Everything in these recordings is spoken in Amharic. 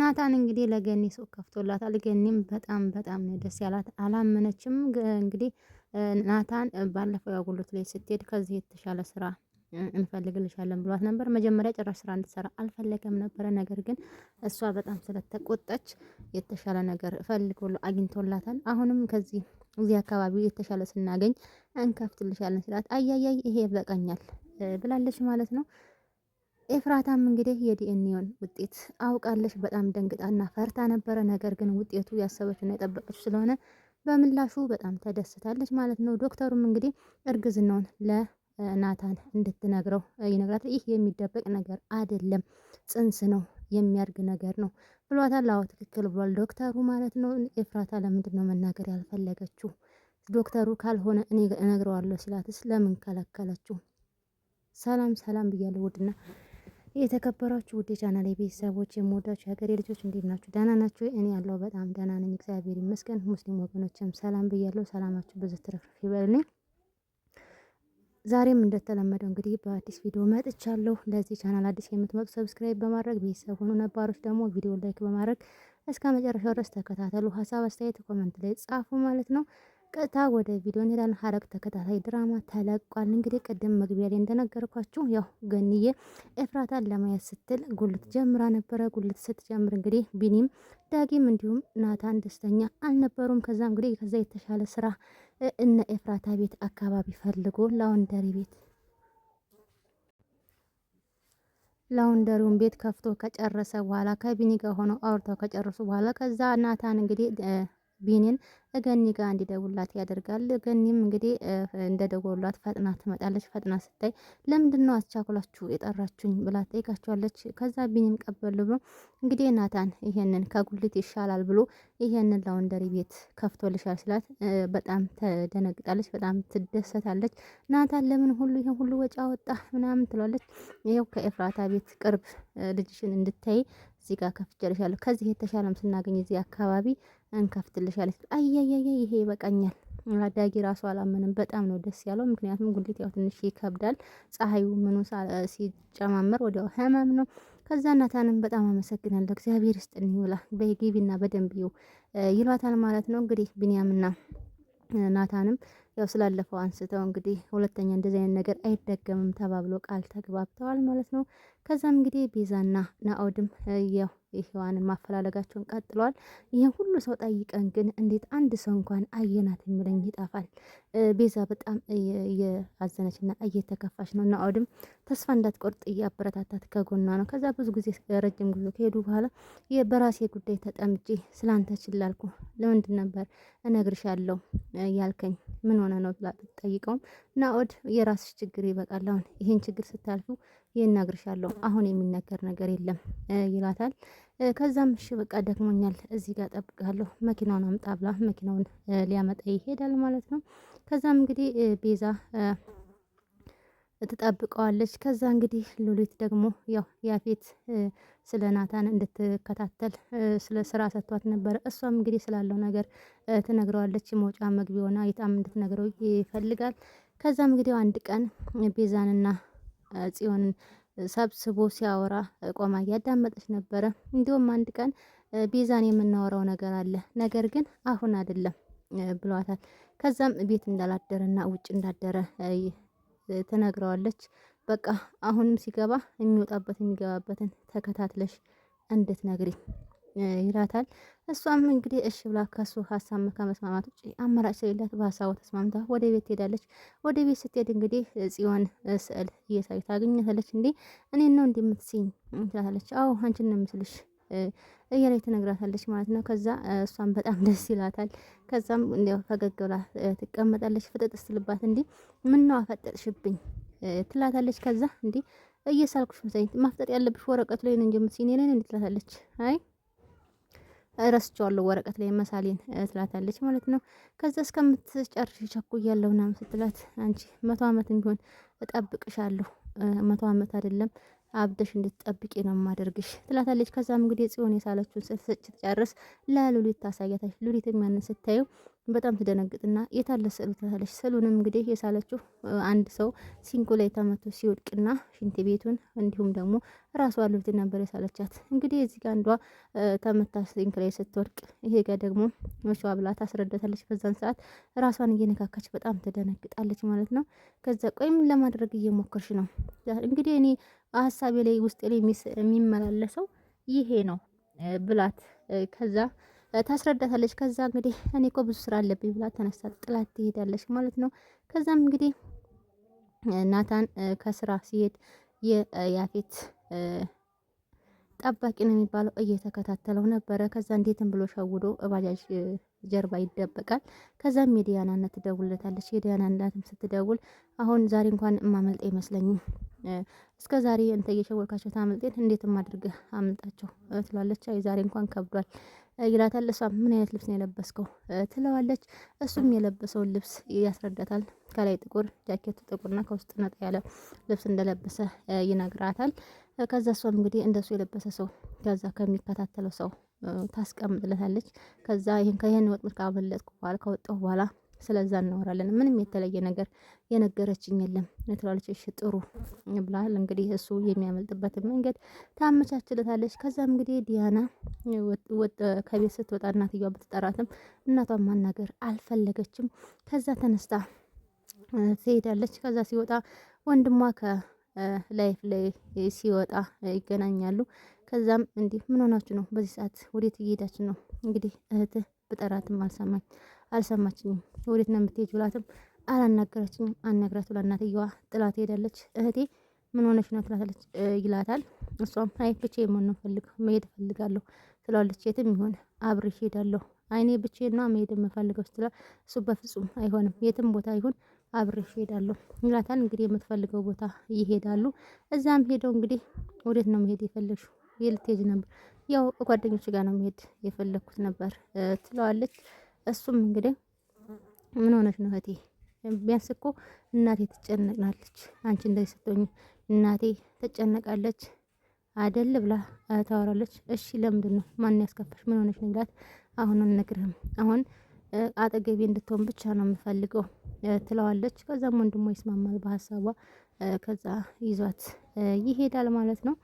ናታን እንግዲህ ለገኒ ሱቅ ከፍቶላታል። ገኒም በጣም በጣም ነው ደስ ያላት። አላመነችም። እንግዲህ ናታን ባለፈው ያጉሉት ላይ ስትሄድ ከዚህ የተሻለ ስራ እንፈልግልሻለን ብሏት ነበር። መጀመሪያ ጭራሽ ስራ እንድትሰራ አልፈለገም ነበረ። ነገር ግን እሷ በጣም ስለተቆጠች የተሻለ ነገር ፈልጎ አግኝቶላታል። አሁንም ከዚህ እዚህ አካባቢ የተሻለ ስናገኝ እንከፍትልሻለን ሲላት፣ አያያይ ይሄ ይበቃኛል ብላለች ማለት ነው። ኤፍራታም እንግዲህ የዲኤንኤውን ውጤት አውቃለች። በጣም ደንግጣና ፈርታ ነበረ። ነገር ግን ውጤቱ ያሰበችና የጠበቀች ስለሆነ በምላሹ በጣም ተደስታለች ማለት ነው። ዶክተሩም እንግዲህ እርግዝናውን ለናታን እንድትነግረው ይነግራት። ይህ የሚደበቅ ነገር አይደለም፣ ጽንስ ነው የሚያድግ ነገር ነው ብሏታል። አዎ ትክክል ብሏል ዶክተሩ ማለት ነው። ኤፍራታ ለምንድን ነው መናገር ያልፈለገችው? ዶክተሩ ካልሆነ እኔ እነግረዋለሁ ሲላትስ ለምን ከለከለችው? ሰላም ሰላም ብያለሁ ውድና የተከበራችሁ ውድ ቻናል የቤተሰቦች የምወዳችሁ የሀገሬ ልጆች እንዴት ናችሁ? ደህና ናችሁ? እኔ ያለው በጣም ደህና ነኝ፣ እግዚአብሔር ይመስገን። ሙስሊም ወገኖችም ሰላም ብያለሁ። ሰላማችሁ ብዙ ትርፍርፍ ይበልልኝ። ዛሬም እንደተለመደው እንግዲህ በአዲስ ቪዲዮ መጥቻለሁ። ለዚህ ቻናል አዲስ የምትመጡ ሰብስክራይብ በማድረግ ቤተሰብ ሆኑ፣ ነባሮች ደግሞ ቪዲዮ ላይክ በማድረግ እስከ መጨረሻው ድረስ ተከታተሉ። ሀሳብ አስተያየት ኮመንት ላይ ጻፉ ማለት ነው። ቀጥታ ወደ ቪዲዮ እንሄዳለን። ሐረግ ተከታታይ ድራማ ተለቋል። እንግዲህ ቅድም መግቢያ ላይ እንደነገርኳችሁ ያው ገንዬ ኤፍራታን ለማየት ስትል ጉልት ጀምራ ነበረ። ጉልት ስትጀምር እንግዲህ ቢኒም ዳጊም እንዲሁም ናታን ደስተኛ አልነበሩም። ከዛ እንግዲህ ከዛ የተሻለ ስራ እነ ኤፍራታ ቤት አካባቢ ፈልጎ ላውንደሪ ቤት ላውንደሪውን ቤት ከፍቶ ከጨረሰ በኋላ ከቢኒ ጋር አውርተው ከጨረሱ በኋላ ከዛ ናታን እንግዲህ ቢኒን እገኒ ጋር እንዲደውላት ያደርጋል። እገኒም እንግዲህ እንደ ፈጥና ትመጣለች። ፈጥና ስታይ ለምንድን ነው አስቻኩላችሁ የጠራችሁኝ ብላ ጠይቃቸዋለች። ከዛ ቢኒም ቀበል ብሎ እንግዲህ ናታን ይሄንን ከጉልት ይሻላል ብሎ ይሄንን ላውንደሪ ቤት ከፍቶልሻል ስላት በጣም ተደነግጣለች። በጣም ትደሰታለች። ናታን ለምን ሁሉ ይሄን ሁሉ ወጪ አወጣ ምናምን ትሏለች። ይኸው ከኤፍራታ ቤት ቅርብ ልጅሽን እንድታይ እዚህ ጋር ከፍቼልሻለሁ። ከዚህ የተሻለም ስናገኝ እዚህ አካባቢ እንከፍትልሻለች። አያያያ ይሄ ይበቃኛል። ዳጊ ራሱ አላመንም። በጣም ነው ደስ ያለው። ምክንያቱም ጉሊት ያው ትንሽ ይከብዳል። ፀሐዩ ምኑ ሲጨማመር ወዲያው ህመም ነው። ከዛ እናታንም በጣም አመሰግናለሁ እግዚአብሔር ይስጥን ይውላ በጊቢና በደንብ ይሏታል ማለት ነው እንግዲህ ቢንያምና ናታንም ያው ስላለፈው አንስተው እንግዲህ ሁለተኛ እንደዚህ አይነት ነገር አይደገምም ተባብሎ ቃል ተግባብተዋል ማለት ነው። ከዛም እንግዲህ ቤዛና ናኦድም ያው ማፈላለጋቸውን ቀጥለዋል። ይህን ሁሉ ሰው ጠይቀን ግን እንዴት አንድ ሰው እንኳን አየናት የሚለኝ ይጣፋል። ቤዛ በጣም እየአዘነችና እየተከፋች ነው። ናኦድም ተስፋ እንዳትቆርጥ እያበረታታት ከጎኗ ነው። ከዛ ብዙ ጊዜ ረጅም ጉዞ ከሄዱ በኋላ በራሴ ጉዳይ ተጠምጄ ስላንተ ችላልኩ ለምንድን ነበር እነግርሻለሁ ያልከኝ ምን ሆነ ነው ብላ ብትጠይቀውም ናኦድ የራስሽ ችግር ይበቃል፣ አሁን ይህን ችግር ስታልፉ ይናግርሻለሁ፣ አሁን የሚነገር ነገር የለም ይላታል። ከዛም እሺ በቃ ደክሞኛል፣ እዚህ ጋር ጠብቃለሁ፣ መኪናውን አምጣ ብላ መኪናውን ሊያመጣ ይሄዳል ማለት ነው። ከዛም እንግዲህ ቤዛ ትጠብቀዋለች። ከዛ እንግዲህ ሉሊት ደግሞ ያው ያፌት ስለ ናታን እንድትከታተል ስለ ስራ ሰጥቷት ነበረ። እሷም እንግዲህ ስላለው ነገር ትነግረዋለች። መውጫ መግቢያውን የጣም እንድትነግረው ይፈልጋል። ከዛም እንግዲህ አንድ ቀን ቤዛንና ጽዮንን ሰብስቦ ሲያወራ ቆማ እያዳመጠች ነበረ። እንዲሁም አንድ ቀን ቤዛን የምናወራው ነገር አለ፣ ነገር ግን አሁን አይደለም ብሏታል። ከዛም ቤት እንዳላደረና ውጭ እንዳደረ ትነግረዋለች። በቃ አሁንም ሲገባ የሚወጣበት የሚገባበትን ተከታትለሽ እንድትነግሪኝ ይላታል። እሷም እንግዲህ እሺ ብላ ከሱ ሀሳብ ከመስማማት ውጭ አማራጭ ስለሌላት በሀሳቡ ተስማምታ ወደ ቤት ትሄዳለች። ወደ ቤት ስትሄድ እንግዲህ ጽዮን ስዕል እየሳዩ ታገኘታለች። እንዲህ እኔን ነው እንዲህ የምትስይኝ ትላታለች። አዎ አንቺን ነው የምስልሽ እያለች ትነግራታለች ማለት ነው። ከዛ እሷም በጣም ደስ ይላታል። ከዛም እንዲያው ፈገግ ብላ ትቀመጣለች። ፍጥጥ ስትልባት እንዲህ ምነው አፈጠጥሽብኝ ትላታለች። ከዛ እንዲ እየሳልኩሽ መሰለኝ ማፍጠጥ ያለብሽ ወረቀቱ ላይ ነው እንጂ የምትይኝ እኔ ነኝ ትላታለች። አይ እረስቸዋለሁ ወረቀት ላይ መሳሌን ትላታለች ማለት ነው። ከዛ እስከምትጨርሽ ቸኩያለሁ ምናምን ስትላት አንቺ መቶ ዓመት እንዲሆን እጠብቅሻለሁ መቶ ዓመት አይደለም አብደሽ እንድትጠብቂ ነው የማደርግሽ ትላታለች። ከዛም እንግዲህ ጽዮን የሳለችውን ስልሰጭ ትጨርስ ለሉሊት ታሳያታለች። ሉሊትም ያንን ስታየው በጣም ትደነግጥና የታለ ስዕሉ ትላለች። ስዕሉንም እንግዲህ የሳለችው አንድ ሰው ሲንኩ ላይ ተመቶ ሲወድቅና ሽንት ቤቱን እንዲሁም ደግሞ ራሷ ልብት ነበር የሳለቻት። እንግዲህ እዚህ ጋር አንዷ ተመታ ሲንክ ላይ ስትወድቅ፣ ይሄ ጋር ደግሞ ወሸዋ ብላ ታስረዳታለች። በዛን ሰዓት ራሷን እየነካካች በጣም ትደነግጣለች ማለት ነው። ከዛ ቆይ ምን ለማድረግ እየሞከርሽ ነው? እንግዲህ እኔ ሀሳቤ ላይ ውስጥ ላይ የሚመላለሰው ይሄ ነው ብላት ከዛ ታስረዳታለች። ከዛ እንግዲህ እኔ እኮ ብዙ ስራ አለብኝ ብላ ተነሳ ጥላት ትሄዳለች ማለት ነው። ከዛም እንግዲህ ናታን ከስራ ሲሄድ የያፌት ጠባቂ ነው የሚባለው እየተከታተለው ነበረ። ከዛ እንዴትም ብሎ ሸውዶ ባጃጅ ጀርባ ይደበቃል። ከዛም የዲያና እናት ትደውልለታለች። የዲያና እናትም ስትደውል አሁን ዛሬ እንኳን የማመልጥ አይመስለኝም እስከ ዛሬ እንተ እየሸወልካቸው ታመልጤን እንዴትም አድርገህ አምልጣቸው ትላለች። አይ ዛሬ እንኳን ከብዷል ይላታል። እሷ ምን አይነት ልብስ ነው የለበስከው ትለዋለች። እሱም የለበሰውን ልብስ ያስረዳታል። ከላይ ጥቁር ጃኬት ጥቁርና ከውስጥ ነጣ ያለ ልብስ እንደለበሰ ይነግራታል። ከዛ እሷም እንግዲህ እንደሱ የለበሰ ሰው ከዛ ከሚከታተለው ሰው ታስቀምጥለታለች። ከዛ ይህን ከይህን ወጥመድ ካመለጥኩ በኋላ ከወጣሁ በኋላ ስለዛ እናወራለን። ምንም የተለየ ነገር የነገረችኝ የለም ትላለች። እሺ ጥሩ ብላል። እንግዲህ እሱ የሚያመልጥበትን መንገድ ታመቻችለታለች። ከዛም እንግዲህ ዲያና ከቤት ስትወጣ እናትየዋ ብትጠራትም እናቷን ማናገር አልፈለገችም። ከዛ ተነስታ ትሄዳለች። ከዛ ሲወጣ ወንድሟ ከላይፍ ላይ ሲወጣ ይገናኛሉ። ከዛም እንዲህ ምን ሆናችሁ ነው? በዚህ ሰዓት ወዴት እየሄዳችሁ ነው? እንግዲህ እህትህ ብጠራትም አልሰማኝ አልሰማችኝም። ወዴት ነው የምትሄጅ ብላትም አላናገረችኝም። አናግራት ብላ እናትየዋ ጥላት ሄዳለች። እህቴ ምን ሆነች ነው ትላታለች ይላታል። እሷም አይ ብቻዬን መሆን ነው ፈልግ መሄድ እፈልጋለሁ ትላለች። የትም ይሆን አብሬሽ እሄዳለሁ አይኔ ብቻዬን ና መሄድ የምፈልገው ስትላ እሱ በፍጹም አይሆንም የትም ቦታ ይሁን አብሬሽ እሄዳለሁ ይላታል። እንግዲህ የምትፈልገው ቦታ ይሄዳሉ። እዛም ሄደው እንግዲህ ወዴት ነው መሄድ የፈለግሽው? የልትሄጂ ነበር? ያው ጓደኞች ጋር ነው መሄድ የፈለግኩት ነበር ትለዋለች። እሱም እንግዲህ ምን ሆነሽ ነው እህቴ? ቢያንስ እኮ እናቴ ትጨነቃለች፣ አንቺ እንደዚህ ስትሆኝ እናቴ ትጨነቃለች አደል ብላ ታወራለች። እሺ ለምንድን ነው ማን ያስከፋሽ? ምን ሆነሽ ነው ብላት፣ አሁን አልነግርህም፣ አሁን አጠገቤ እንድትሆን ብቻ ነው የምፈልገው ትለዋለች። ከዛም ወንድሟ ይስማማል በሀሳቧ። ከዛ ይዟት ይሄዳል ማለት ነው።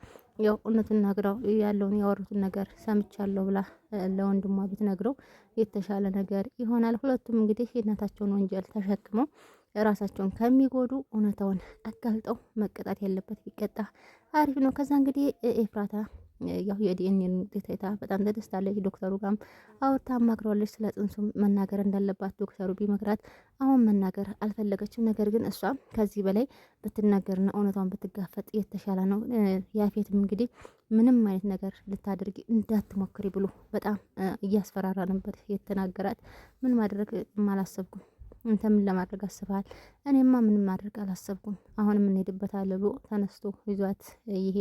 ያው እውነቱን ነግረው ያለውን ያወሩትን ነገር ሰምቻለሁ ብላ ለወንድሟ ብትነግረው የተሻለ ነገር ይሆናል። ሁለቱም እንግዲህ የእናታቸውን ወንጀል ተሸክመው ራሳቸውን ከሚጎዱ እውነታውን አጋልጠው መቀጣት ያለበት ቢቀጣ አሪፍ ነው። ከዛ እንግዲህ ኤፍራታ ያው የዲኤንኤን ውጤት አይታ በጣም ተደስታለች። ዶክተሩ ጋም አውርታ አማክረዋለች። ስለ ጽንሱ መናገር እንዳለባት ዶክተሩ ቢመክራት አሁን መናገር አልፈለገችም። ነገር ግን እሷ ከዚህ በላይ ብትናገርና እውነቷን ብትጋፈጥ የተሻለ ነው። ያፌትም እንግዲህ ምንም አይነት ነገር ልታደርጊ እንዳትሞክሪ ብሎ በጣም እያስፈራራ ነበር የተናገራት። ምን ማድረግ አላሰብኩም አንተ ምን ለማድረግ አስበሃል? እኔማ ምንም ማድረግ አላሰብኩም። አሁን የምንሄድበት አለ ብሎ ተነስቶ ይዟት ይሄ